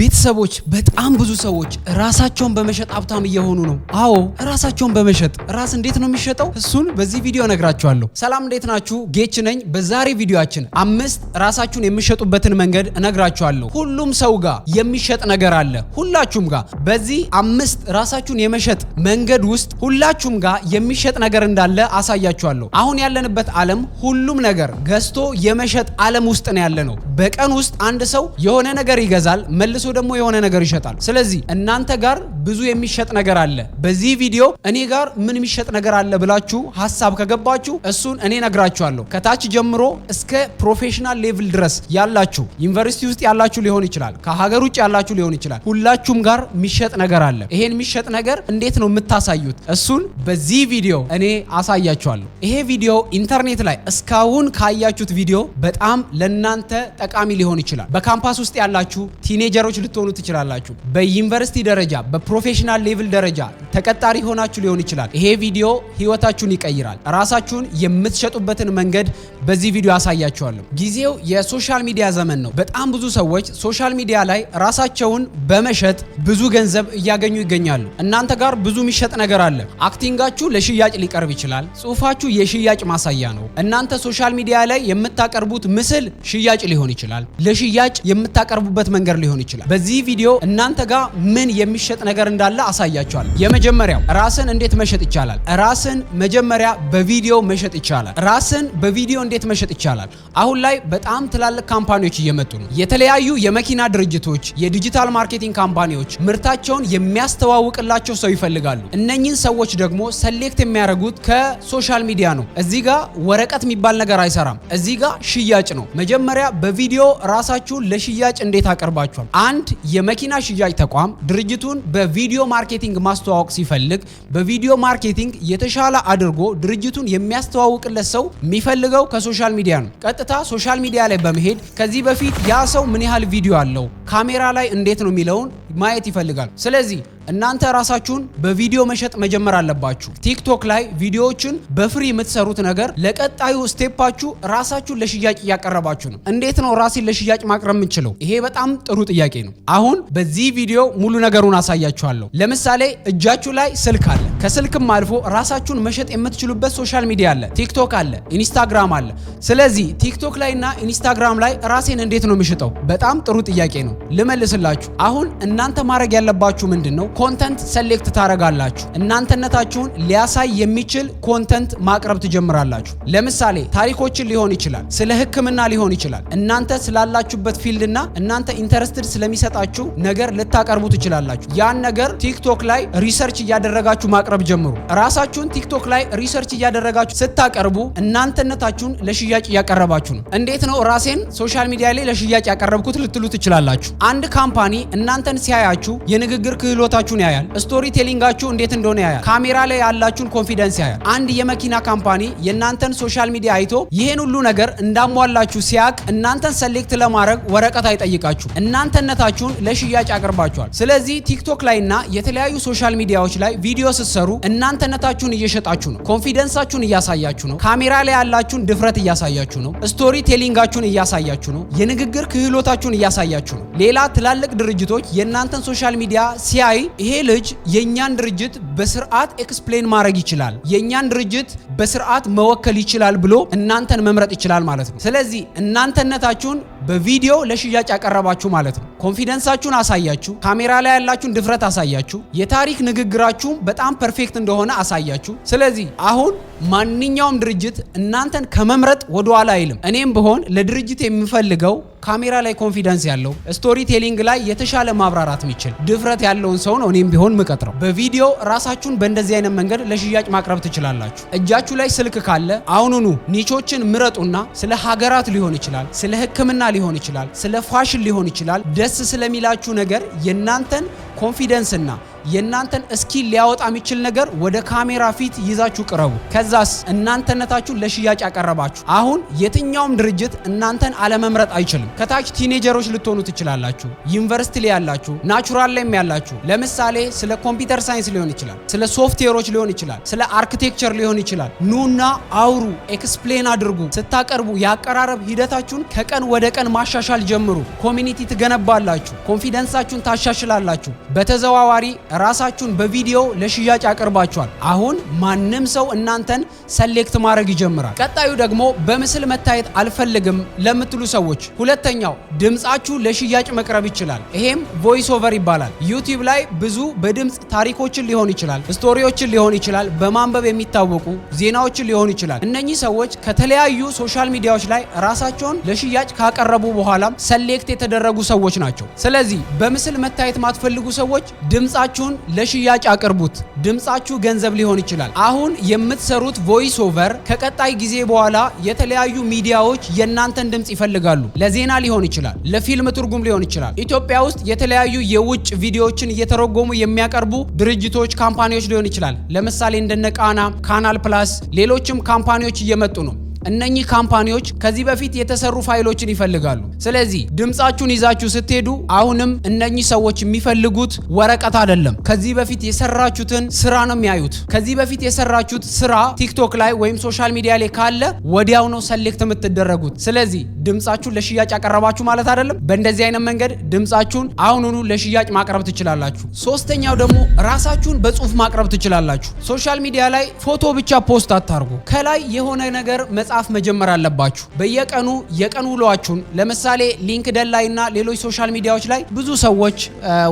ቤተሰቦች በጣም ብዙ ሰዎች ራሳቸውን በመሸጥ ሀብታም እየሆኑ ነው። አዎ ራሳቸውን በመሸጥ ራስ እንዴት ነው የሚሸጠው? እሱን በዚህ ቪዲዮ እነግራችኋለሁ። ሰላም እንዴት ናችሁ? ጌች ነኝ። በዛሬ ቪዲዮአችን አምስት ራሳችሁን የሚሸጡበትን መንገድ እነግራችኋለሁ። ሁሉም ሰው ጋር የሚሸጥ ነገር አለ፣ ሁላችሁም ጋር። በዚህ አምስት ራሳችሁን የመሸጥ መንገድ ውስጥ ሁላችሁም ጋር የሚሸጥ ነገር እንዳለ አሳያችኋለሁ። አሁን ያለንበት ዓለም ሁሉም ነገር ገዝቶ የመሸጥ ዓለም ውስጥ ነው ያለ ነው። በቀን ውስጥ አንድ ሰው የሆነ ነገር ይገዛል መልሶ ደግሞ የሆነ ነገር ይሸጣል። ስለዚህ እናንተ ጋር ብዙ የሚሸጥ ነገር አለ። በዚህ ቪዲዮ እኔ ጋር ምን የሚሸጥ ነገር አለ ብላችሁ ሀሳብ ከገባችሁ እሱን እኔ ነግራችኋለሁ። ከታች ጀምሮ እስከ ፕሮፌሽናል ሌቭል ድረስ ያላችሁ ዩኒቨርሲቲ ውስጥ ያላችሁ ሊሆን ይችላል፣ ከሀገር ውጭ ያላችሁ ሊሆን ይችላል። ሁላችሁም ጋር የሚሸጥ ነገር አለ። ይሄን የሚሸጥ ነገር እንዴት ነው የምታሳዩት? እሱን በዚህ ቪዲዮ እኔ አሳያችኋለሁ። ይሄ ቪዲዮ ኢንተርኔት ላይ እስካሁን ካያችሁት ቪዲዮ በጣም ለእናንተ ጠቃሚ ሊሆን ይችላል። በካምፓስ ውስጥ ያላችሁ ቲኔጀሮች ልትሆኑ ትችላላችሁ። በዩኒቨርሲቲ ደረጃ በፕሮፌሽናል ሌቭል ደረጃ ተቀጣሪ ሆናችሁ ሊሆን ይችላል። ይሄ ቪዲዮ ህይወታችሁን ይቀይራል። ራሳችሁን የምትሸጡበትን መንገድ በዚህ ቪዲዮ አሳያችኋለሁ። ጊዜው የሶሻል ሚዲያ ዘመን ነው። በጣም ብዙ ሰዎች ሶሻል ሚዲያ ላይ ራሳቸውን በመሸጥ ብዙ ገንዘብ እያገኙ ይገኛሉ። እናንተ ጋር ብዙ የሚሸጥ ነገር አለ። አክቲንጋችሁ ለሽያጭ ሊቀርብ ይችላል። ጽሁፋችሁ የሽያጭ ማሳያ ነው። እናንተ ሶሻል ሚዲያ ላይ የምታቀርቡት ምስል ሽያጭ ሊሆን ይችላል። ለሽያጭ የምታቀርቡበት መንገድ ሊሆን ይችላል። ይችላል። በዚህ ቪዲዮ እናንተ ጋር ምን የሚሸጥ ነገር እንዳለ አሳያችኋል። የመጀመሪያው ራስን እንዴት መሸጥ ይቻላል። ራስን መጀመሪያ በቪዲዮ መሸጥ ይቻላል። ራስን በቪዲዮ እንዴት መሸጥ ይቻላል? አሁን ላይ በጣም ትላልቅ ካምፓኒዎች እየመጡ ነው። የተለያዩ የመኪና ድርጅቶች፣ የዲጂታል ማርኬቲንግ ካምፓኒዎች ምርታቸውን የሚያስተዋውቅላቸው ሰው ይፈልጋሉ። እነኚህን ሰዎች ደግሞ ሰሌክት የሚያደርጉት ከሶሻል ሚዲያ ነው። እዚህ ጋር ወረቀት የሚባል ነገር አይሰራም። እዚህ ጋር ሽያጭ ነው። መጀመሪያ በቪዲዮ ራሳችሁን ለሽያጭ እንዴት አቀርባችኋል አንድ የመኪና ሽያጭ ተቋም ድርጅቱን በቪዲዮ ማርኬቲንግ ማስተዋወቅ ሲፈልግ በቪዲዮ ማርኬቲንግ የተሻለ አድርጎ ድርጅቱን የሚያስተዋውቅለት ሰው የሚፈልገው ከሶሻል ሚዲያ ነው። ቀጥታ ሶሻል ሚዲያ ላይ በመሄድ ከዚህ በፊት ያ ሰው ምን ያህል ቪዲዮ አለው፣ ካሜራ ላይ እንዴት ነው የሚለውን ማየት ይፈልጋል። ስለዚህ እናንተ ራሳችሁን በቪዲዮ መሸጥ መጀመር አለባችሁ። ቲክቶክ ላይ ቪዲዮዎችን በፍሪ የምትሰሩት ነገር ለቀጣዩ ስቴፓችሁ ራሳችሁን ለሽያጭ እያቀረባችሁ ነው። እንዴት ነው ራሴን ለሽያጭ ማቅረብ የምንችለው? ይሄ በጣም ጥሩ ጥያቄ ነው። አሁን በዚህ ቪዲዮ ሙሉ ነገሩን አሳያችኋለሁ። ለምሳሌ እጃችሁ ላይ ስልክ አለ። ከስልክም አልፎ ራሳችሁን መሸጥ የምትችሉበት ሶሻል ሚዲያ አለ። ቲክቶክ አለ፣ ኢንስታግራም አለ። ስለዚህ ቲክቶክ ላይ እና ኢንስታግራም ላይ ራሴን እንዴት ነው የምሽጠው? በጣም ጥሩ ጥያቄ ነው። ልመልስላችሁ አሁን እና እናንተ ማድረግ ያለባችሁ ምንድን ነው? ኮንተንት ሰሌክት ታደርጋላችሁ። እናንተነታችሁን ሊያሳይ የሚችል ኮንተንት ማቅረብ ትጀምራላችሁ። ለምሳሌ ታሪኮችን ሊሆን ይችላል፣ ስለ ሕክምና ሊሆን ይችላል። እናንተ ስላላችሁበት ፊልድና እናንተ ኢንተረስትድ ስለሚሰጣችሁ ነገር ልታቀርቡ ትችላላችሁ። ያን ነገር ቲክቶክ ላይ ሪሰርች እያደረጋችሁ ማቅረብ ጀምሩ። ራሳችሁን ቲክቶክ ላይ ሪሰርች እያደረጋችሁ ስታቀርቡ እናንተነታችሁን ለሽያጭ እያቀረባችሁ ነው። እንዴት ነው ራሴን ሶሻል ሚዲያ ላይ ለሽያጭ ያቀረብኩት ልትሉ ትችላላችሁ። አንድ ካምፓኒ እናንተን ሲያያችሁ የንግግር ክህሎታችሁን ያያል። ስቶሪ ቴሊንጋችሁ እንዴት እንደሆነ ያያል። ካሜራ ላይ ያላችሁን ኮንፊደንስ ያያል። አንድ የመኪና ካምፓኒ የእናንተን ሶሻል ሚዲያ አይቶ ይህን ሁሉ ነገር እንዳሟላችሁ ሲያቅ እናንተን ሰሌክት ለማድረግ ወረቀት አይጠይቃችሁ። እናንተነታችሁን ለሽያጭ አቅርባችኋል። ስለዚህ ቲክቶክ ላይና የተለያዩ ሶሻል ሚዲያዎች ላይ ቪዲዮ ስትሰሩ እናንተነታችሁን እየሸጣችሁ ነው። ኮንፊደንሳችሁን እያሳያችሁ ነው። ካሜራ ላይ ያላችሁን ድፍረት እያሳያችሁ ነው። ስቶሪ ቴሊንጋችሁን እያሳያችሁ ነው። የንግግር ክህሎታችሁን እያሳያችሁ ነው። ሌላ ትላልቅ ድርጅቶች የና የእናንተን ሶሻል ሚዲያ ሲያይ ይሄ ልጅ የእኛን ድርጅት በስርዓት ኤክስፕሌን ማድረግ ይችላል፣ የእኛን ድርጅት በስርዓት መወከል ይችላል ብሎ እናንተን መምረጥ ይችላል ማለት ነው። ስለዚህ እናንተነታችሁን በቪዲዮ ለሽያጭ ያቀረባችሁ ማለት ነው። ኮንፊደንሳችሁን አሳያችሁ፣ ካሜራ ላይ ያላችሁን ድፍረት አሳያችሁ፣ የታሪክ ንግግራችሁም በጣም ፐርፌክት እንደሆነ አሳያችሁ። ስለዚህ አሁን ማንኛውም ድርጅት እናንተን ከመምረጥ ወደኋላ አይልም። እኔም ብሆን ለድርጅት የምፈልገው ካሜራ ላይ ኮንፊደንስ ያለው ስቶሪ ቴሊንግ ላይ የተሻለ ማብራራት የሚችል ድፍረት ያለውን ሰው ነው እኔም ቢሆን ምቀጥረው። በቪዲዮ ራሳችሁን በእንደዚህ አይነት መንገድ ለሽያጭ ማቅረብ ትችላላችሁ። እጃችሁ ላይ ስልክ ካለ አሁኑኑ ኒቾችን ምረጡና ስለ ሀገራት ሊሆን ይችላል፣ ስለ ሕክምና ሊሆን ይችላል፣ ስለ ፋሽን ሊሆን ይችላል። ደስ ስለሚላችሁ ነገር የእናንተን ኮንፊደንስና የእናንተን እስኪል ሊያወጣ የሚችል ነገር ወደ ካሜራ ፊት ይዛችሁ ቅረቡ። ከዛስ እናንተነታችሁን ለሽያጭ ያቀረባችሁ። አሁን የትኛውም ድርጅት እናንተን አለመምረጥ አይችልም። ከታች ቲኔጀሮች ልትሆኑ ትችላላችሁ፣ ዩኒቨርሲቲ ላይ ያላችሁ፣ ናቹራል ላይም ያላችሁ። ለምሳሌ ስለ ኮምፒውተር ሳይንስ ሊሆን ይችላል፣ ስለ ሶፍትዌሮች ሊሆን ይችላል፣ ስለ አርኪቴክቸር ሊሆን ይችላል። ኑና አውሩ፣ ኤክስፕሌን አድርጉ። ስታቀርቡ የአቀራረብ ሂደታችሁን ከቀን ወደ ቀን ማሻሻል ጀምሩ። ኮሚኒቲ ትገነባላችሁ፣ ኮንፊደንሳችሁን ታሻሽላላችሁ። በተዘዋዋሪ ራሳችሁን በቪዲዮ ለሽያጭ ያቀርባችኋል። አሁን ማንም ሰው እናንተን ሰሌክት ማድረግ ይጀምራል። ቀጣዩ ደግሞ በምስል መታየት አልፈልግም ለምትሉ ሰዎች ሁለተኛው ድምፃችሁ ለሽያጭ መቅረብ ይችላል። ይሄም ቮይስ ኦቨር ይባላል። ዩቲዩብ ላይ ብዙ በድምፅ ታሪኮችን ሊሆን ይችላል፣ ስቶሪዎችን ሊሆን ይችላል፣ በማንበብ የሚታወቁ ዜናዎችን ሊሆን ይችላል። እነኚህ ሰዎች ከተለያዩ ሶሻል ሚዲያዎች ላይ ራሳቸውን ለሽያጭ ካቀረቡ በኋላ ሰሌክት የተደረጉ ሰዎች ናቸው። ስለዚህ በምስል መታየት ማትፈልጉ ሰዎች ድምፃችሁን ለሽያጭ አቅርቡት። ድምፃችሁ ገንዘብ ሊሆን ይችላል። አሁን የምትሰሩት ቮይስ ኦቨር ከቀጣይ ጊዜ በኋላ የተለያዩ ሚዲያዎች የእናንተን ድምፅ ይፈልጋሉ። ለዜና ሊሆን ይችላል፣ ለፊልም ትርጉም ሊሆን ይችላል። ኢትዮጵያ ውስጥ የተለያዩ የውጭ ቪዲዮዎችን እየተረጎሙ የሚያቀርቡ ድርጅቶች፣ ካምፓኒዎች ሊሆን ይችላል። ለምሳሌ እንደነ ቃና፣ ካናል ፕላስ፣ ሌሎችም ካምፓኒዎች እየመጡ ነው። እነኚህ ካምፓኒዎች ከዚህ በፊት የተሰሩ ፋይሎችን ይፈልጋሉ። ስለዚህ ድምጻችሁን ይዛችሁ ስትሄዱ አሁንም እነኚህ ሰዎች የሚፈልጉት ወረቀት አይደለም፣ ከዚህ በፊት የሰራችሁትን ስራ ነው የሚያዩት። ከዚህ በፊት የሰራችሁት ስራ ቲክቶክ ላይ ወይም ሶሻል ሚዲያ ላይ ካለ ወዲያው ነው ሰሌክት የምትደረጉት። ስለዚህ ድምጻችሁን ለሽያጭ ያቀረባችሁ ማለት አይደለም። በእንደዚህ አይነት መንገድ ድምጻችሁን አሁኑኑ ለሽያጭ ማቅረብ ትችላላችሁ። ሶስተኛው ደግሞ ራሳችሁን በጽሁፍ ማቅረብ ትችላላችሁ። ሶሻል ሚዲያ ላይ ፎቶ ብቻ ፖስት አታርጉ። ከላይ የሆነ ነገር መጻፍ መጀመር አለባችሁ። በየቀኑ የቀን ውሏችሁን ለምሳሌ ሊንክደን ላይ እና ሌሎች ሶሻል ሚዲያዎች ላይ ብዙ ሰዎች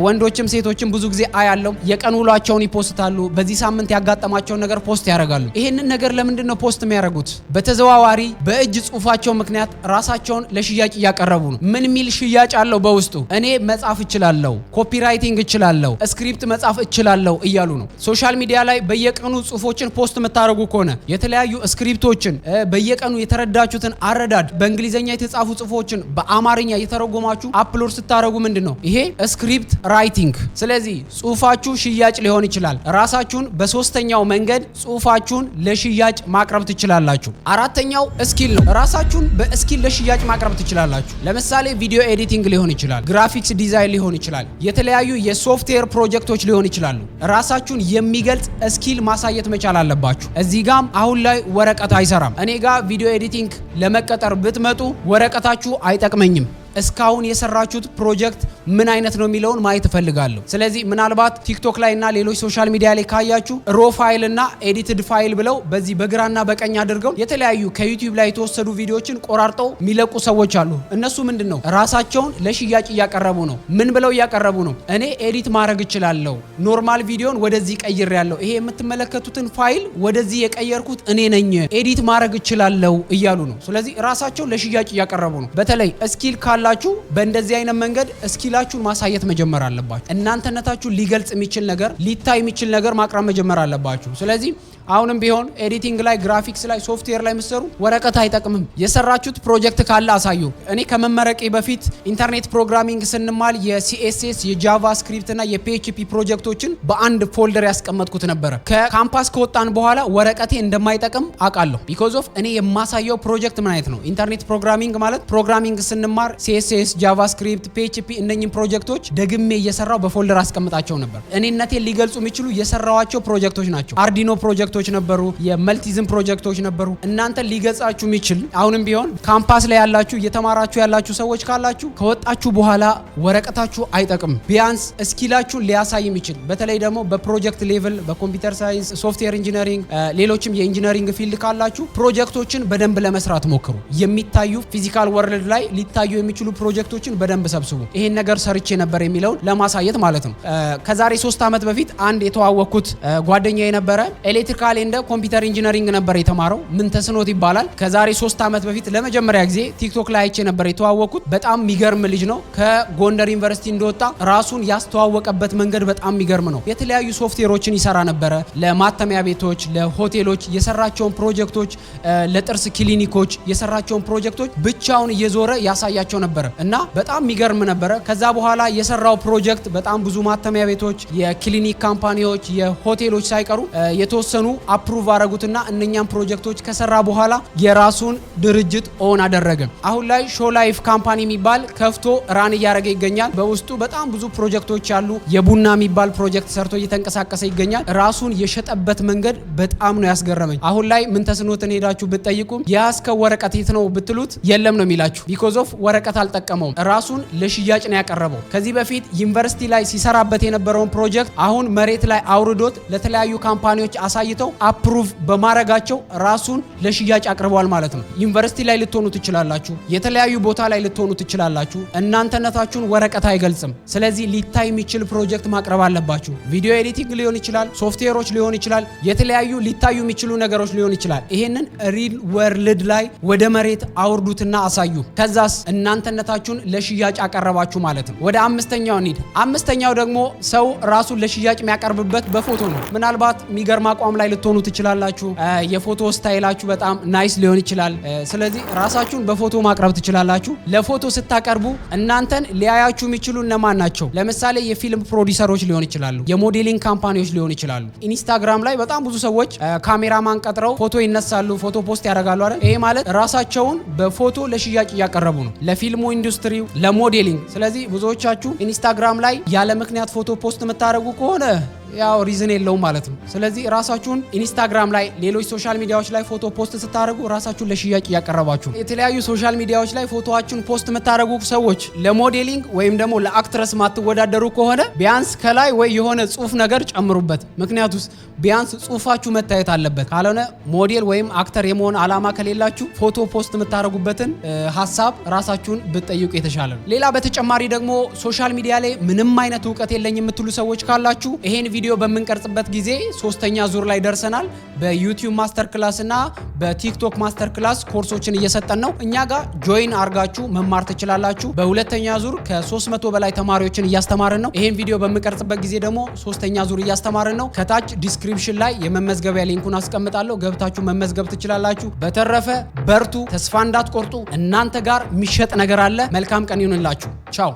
ወንዶችም ሴቶችም ብዙ ጊዜ አያለው የቀን ውሏቸውን ይፖስታሉ። በዚህ ሳምንት ያጋጠማቸውን ነገር ፖስት ያደርጋሉ። ይህንን ነገር ለምንድን ነው ፖስት የሚያደርጉት? በተዘዋዋሪ በእጅ ጽሁፋቸው ምክንያት ራሳቸውን ለሽያጭ እያቀረቡ ነው። ምን ሚል ሽያጭ አለው በውስጡ? እኔ መጻፍ እችላለሁ፣ ኮፒራይቲንግ እችላለሁ፣ ስክሪፕት መጻፍ እችላለሁ እያሉ ነው። ሶሻል ሚዲያ ላይ በየቀኑ ጽሁፎችን ፖስት የምታደርጉ ከሆነ የተለያዩ ስክሪፕቶችን በየ በየቀኑ የተረዳችሁትን አረዳድ በእንግሊዝኛ የተጻፉ ጽሁፎችን በአማርኛ የተረጎማችሁ አፕሎድ ስታደረጉ ምንድን ነው ይሄ ስክሪፕት ራይቲንግ። ስለዚህ ጽሁፋችሁ ሽያጭ ሊሆን ይችላል። ራሳችሁን በሶስተኛው መንገድ ጽሁፋችሁን ለሽያጭ ማቅረብ ትችላላችሁ። አራተኛው ስኪል ነው። ራሳችሁን በስኪል ለሽያጭ ማቅረብ ትችላላችሁ። ለምሳሌ ቪዲዮ ኤዲቲንግ ሊሆን ይችላል፣ ግራፊክስ ዲዛይን ሊሆን ይችላል፣ የተለያዩ የሶፍትዌር ፕሮጀክቶች ሊሆን ይችላሉ። ራሳችሁን የሚገልጽ ስኪል ማሳየት መቻል አለባችሁ። እዚህ ጋም አሁን ላይ ወረቀት አይሰራም። እኔ ጋ ቪዲዮ ኤዲቲንግ ለመቀጠር ብትመጡ ወረቀታችሁ አይጠቅመኝም እስካሁን የሰራችሁት ፕሮጀክት ምን አይነት ነው የሚለውን ማየት እፈልጋለሁ። ስለዚህ ምናልባት ቲክቶክ ላይ እና ሌሎች ሶሻል ሚዲያ ላይ ካያችሁ ሮ ፋይል እና ኤዲትድ ፋይል ብለው በዚህ በግራና በቀኝ አድርገው የተለያዩ ከዩቲዩብ ላይ የተወሰዱ ቪዲዮዎችን ቆራርጠው የሚለቁ ሰዎች አሉ። እነሱ ምንድን ነው ራሳቸውን ለሽያጭ እያቀረቡ ነው። ምን ብለው እያቀረቡ ነው? እኔ ኤዲት ማድረግ እችላለሁ፣ ኖርማል ቪዲዮን ወደዚህ ቀይር ያለው ይሄ የምትመለከቱትን ፋይል ወደዚህ የቀየርኩት እኔ ነኝ፣ ኤዲት ማድረግ እችላለሁ እያሉ ነው። ስለዚህ ራሳቸውን ለሽያጭ እያቀረቡ ነው። በተለይ እስኪል ካላ ካላችሁ በእንደዚህ አይነት መንገድ እስኪላችሁን ማሳየት መጀመር አለባችሁ። እናንተነታችሁ ሊገልጽ የሚችል ነገር፣ ሊታይ የሚችል ነገር ማቅረብ መጀመር አለባችሁ። ስለዚህ አሁንም ቢሆን ኤዲቲንግ ላይ፣ ግራፊክስ ላይ፣ ሶፍትዌር ላይ የምትሰሩ ወረቀት አይጠቅምም። የሰራችሁት ፕሮጀክት ካለ አሳዩ። እኔ ከመመረቄ በፊት ኢንተርኔት ፕሮግራሚንግ ስንማል የሲኤስኤስ የጃቫስክሪፕት እና የፒኤችፒ ፕሮጀክቶችን በአንድ ፎልደር ያስቀመጥኩት ነበረ። ከካምፓስ ከወጣን በኋላ ወረቀቴ እንደማይጠቅም አውቃለሁ። ቢኮዝ ኦፍ እኔ የማሳየው ፕሮጀክት ምን አይነት ነው። ኢንተርኔት ፕሮግራሚንግ ማለት ፕሮግራሚንግ ስንማር ሲኤስኤስ፣ ጃቫስክሪፕት፣ ፒኤችፒ እነኝም ፕሮጀክቶች ደግሜ እየሰራው በፎልደር አስቀምጣቸው ነበር። እኔነቴን ሊገልጹ የሚችሉ የሰራዋቸው ፕሮጀክቶች ናቸው። አርዲኖ ፕሮጀክቶች ፕሮጀክቶች ነበሩ፣ የመልቲዝም ፕሮጀክቶች ነበሩ። እናንተ ሊገጻችሁ የሚችል አሁንም ቢሆን ካምፓስ ላይ ያላችሁ እየተማራችሁ ያላችሁ ሰዎች ካላችሁ ከወጣችሁ በኋላ ወረቀታችሁ አይጠቅም። ቢያንስ እስኪላችሁን ሊያሳይ የሚችል በተለይ ደግሞ በፕሮጀክት ሌቭል በኮምፒውተር ሳይንስ፣ ሶፍትዌር ኢንጂነሪንግ፣ ሌሎችም የኢንጂነሪንግ ፊልድ ካላችሁ ፕሮጀክቶችን በደንብ ለመስራት ሞክሩ። የሚታዩ ፊዚካል ወርልድ ላይ ሊታዩ የሚችሉ ፕሮጀክቶችን በደንብ ሰብስቡ። ይሄን ነገር ሰርቼ ነበር የሚለውን ለማሳየት ማለት ነው። ከዛሬ ሶስት ዓመት በፊት አንድ የተዋወቅኩት ጓደኛ የነበረ ኤሌክትሪካል ፊዚካሊ እንደ ኮምፒውተር ኢንጂነሪንግ ነበር የተማረው። ምን ተስኖት ይባላል። ከዛሬ ሶስት ዓመት በፊት ለመጀመሪያ ጊዜ ቲክቶክ ላይ አይቼ ነበር የተዋወቁት። በጣም የሚገርም ልጅ ነው። ከጎንደር ዩኒቨርሲቲ እንደወጣ ራሱን ያስተዋወቀበት መንገድ በጣም የሚገርም ነው። የተለያዩ ሶፍትዌሮችን ይሰራ ነበረ። ለማተሚያ ቤቶች፣ ለሆቴሎች የሰራቸውን ፕሮጀክቶች፣ ለጥርስ ክሊኒኮች የሰራቸውን ፕሮጀክቶች ብቻውን እየዞረ ያሳያቸው ነበረ እና በጣም የሚገርም ነበረ። ከዛ በኋላ የሰራው ፕሮጀክት በጣም ብዙ ማተሚያ ቤቶች፣ የክሊኒክ ካምፓኒዎች፣ የሆቴሎች ሳይቀሩ የተወሰኑ አፕሩቭ አረጉትና እነኛም ፕሮጀክቶች ከሰራ በኋላ የራሱን ድርጅት ኦን አደረገ። አሁን ላይ ሾ ላይፍ ካምፓኒ የሚባል ከፍቶ ራን እያደረገ ይገኛል። በውስጡ በጣም ብዙ ፕሮጀክቶች ያሉ የቡና የሚባል ፕሮጀክት ሰርቶ እየተንቀሳቀሰ ይገኛል። ራሱን የሸጠበት መንገድ በጣም ነው ያስገረመኝ። አሁን ላይ ምን ተስኖትን ሄዳችሁ ብትጠይቁም የያዝከው ወረቀት የት ነው ብትሉት የለም ነው የሚላችሁ። ቢኮዝ ኦፍ ወረቀት አልጠቀመውም። ራሱን ለሽያጭ ነው ያቀረበው። ከዚህ በፊት ዩኒቨርሲቲ ላይ ሲሰራበት የነበረውን ፕሮጀክት አሁን መሬት ላይ አውርዶት ለተለያዩ ካምፓኒዎች አሳይቶ አግኝተው አፕሩቭ በማድረጋቸው ራሱን ለሽያጭ አቅርበዋል ማለት ነው። ዩኒቨርሲቲ ላይ ልትሆኑ ትችላላችሁ፣ የተለያዩ ቦታ ላይ ልትሆኑ ትችላላችሁ። እናንተነታችሁን ወረቀት አይገልጽም። ስለዚህ ሊታይ የሚችል ፕሮጀክት ማቅረብ አለባችሁ። ቪዲዮ ኤዲቲንግ ሊሆን ይችላል፣ ሶፍትዌሮች ሊሆን ይችላል፣ የተለያዩ ሊታዩ የሚችሉ ነገሮች ሊሆን ይችላል። ይሄንን ሪል ወርልድ ላይ ወደ መሬት አውርዱትና አሳዩ። ከዛስ እናንተነታችሁን ለሽያጭ አቀረባችሁ ማለት ነው። ወደ አምስተኛው እንሂድ። አምስተኛው ደግሞ ሰው ራሱን ለሽያጭ የሚያቀርብበት በፎቶ ነው። ምናልባት የሚገርም አቋም ላይ ተመሳሳይ ልትሆኑ ትችላላችሁ። የፎቶ ስታይላችሁ በጣም ናይስ ሊሆን ይችላል። ስለዚህ ራሳችሁን በፎቶ ማቅረብ ትችላላችሁ። ለፎቶ ስታቀርቡ እናንተን ሊያያችሁ የሚችሉ እነማን ናቸው? ለምሳሌ የፊልም ፕሮዲሰሮች ሊሆን ይችላሉ፣ የሞዴሊንግ ካምፓኒዎች ሊሆን ይችላሉ። ኢንስታግራም ላይ በጣም ብዙ ሰዎች ካሜራማን ቀጥረው ፎቶ ይነሳሉ፣ ፎቶ ፖስት ያደርጋሉ አይደል? ይሄ ማለት ራሳቸውን በፎቶ ለሽያጭ እያቀረቡ ነው፣ ለፊልሙ ኢንዱስትሪው፣ ለሞዴሊንግ። ስለዚህ ብዙዎቻችሁ ኢንስታግራም ላይ ያለ ምክንያት ፎቶ ፖስት የምታደርጉ ከሆነ ያው ሪዝን የለውም ማለት ነው። ስለዚህ ራሳችሁን ኢንስታግራም ላይ፣ ሌሎች ሶሻል ሚዲያዎች ላይ ፎቶ ፖስት ስታደርጉ ራሳችሁን ለሽያጭ እያቀረባችሁ፣ የተለያዩ ሶሻል ሚዲያዎች ላይ ፎቶዋችሁን ፖስት የምታደርጉ ሰዎች ለሞዴሊንግ ወይም ደግሞ ለአክትረስ ማትወዳደሩ ከሆነ ቢያንስ ከላይ ወይ የሆነ ጽሁፍ ነገር ጨምሩበት። ምክንያቱስ ቢያንስ ጽሁፋችሁ መታየት አለበት። ካልሆነ ሞዴል ወይም አክተር የመሆን አላማ ከሌላችሁ ፎቶ ፖስት የምታደርጉበትን ሀሳብ ራሳችሁን ብትጠይቁ የተሻለ ነው። ሌላ በተጨማሪ ደግሞ ሶሻል ሚዲያ ላይ ምንም አይነት እውቀት የለኝ የምትሉ ሰዎች ካላችሁ ይሄን ቪዲዮ በምንቀርጽበት ጊዜ ሶስተኛ ዙር ላይ ደርሰናል። በዩቲዩብ ማስተር ክላስ እና በቲክቶክ ማስተር ክላስ ኮርሶችን እየሰጠን ነው። እኛ ጋር ጆይን አርጋችሁ መማር ትችላላችሁ። በሁለተኛ ዙር ከ300 በላይ ተማሪዎችን እያስተማርን ነው። ይህን ቪዲዮ በምንቀርጽበት ጊዜ ደግሞ ሶስተኛ ዙር እያስተማርን ነው። ከታች ዲስክሪፕሽን ላይ የመመዝገቢያ ሊንኩን አስቀምጣለሁ። ገብታችሁ መመዝገብ ትችላላችሁ። በተረፈ በርቱ፣ ተስፋ እንዳትቆርጡ። እናንተ ጋር የሚሸጥ ነገር አለ። መልካም ቀን ይሁንላችሁ። ቻው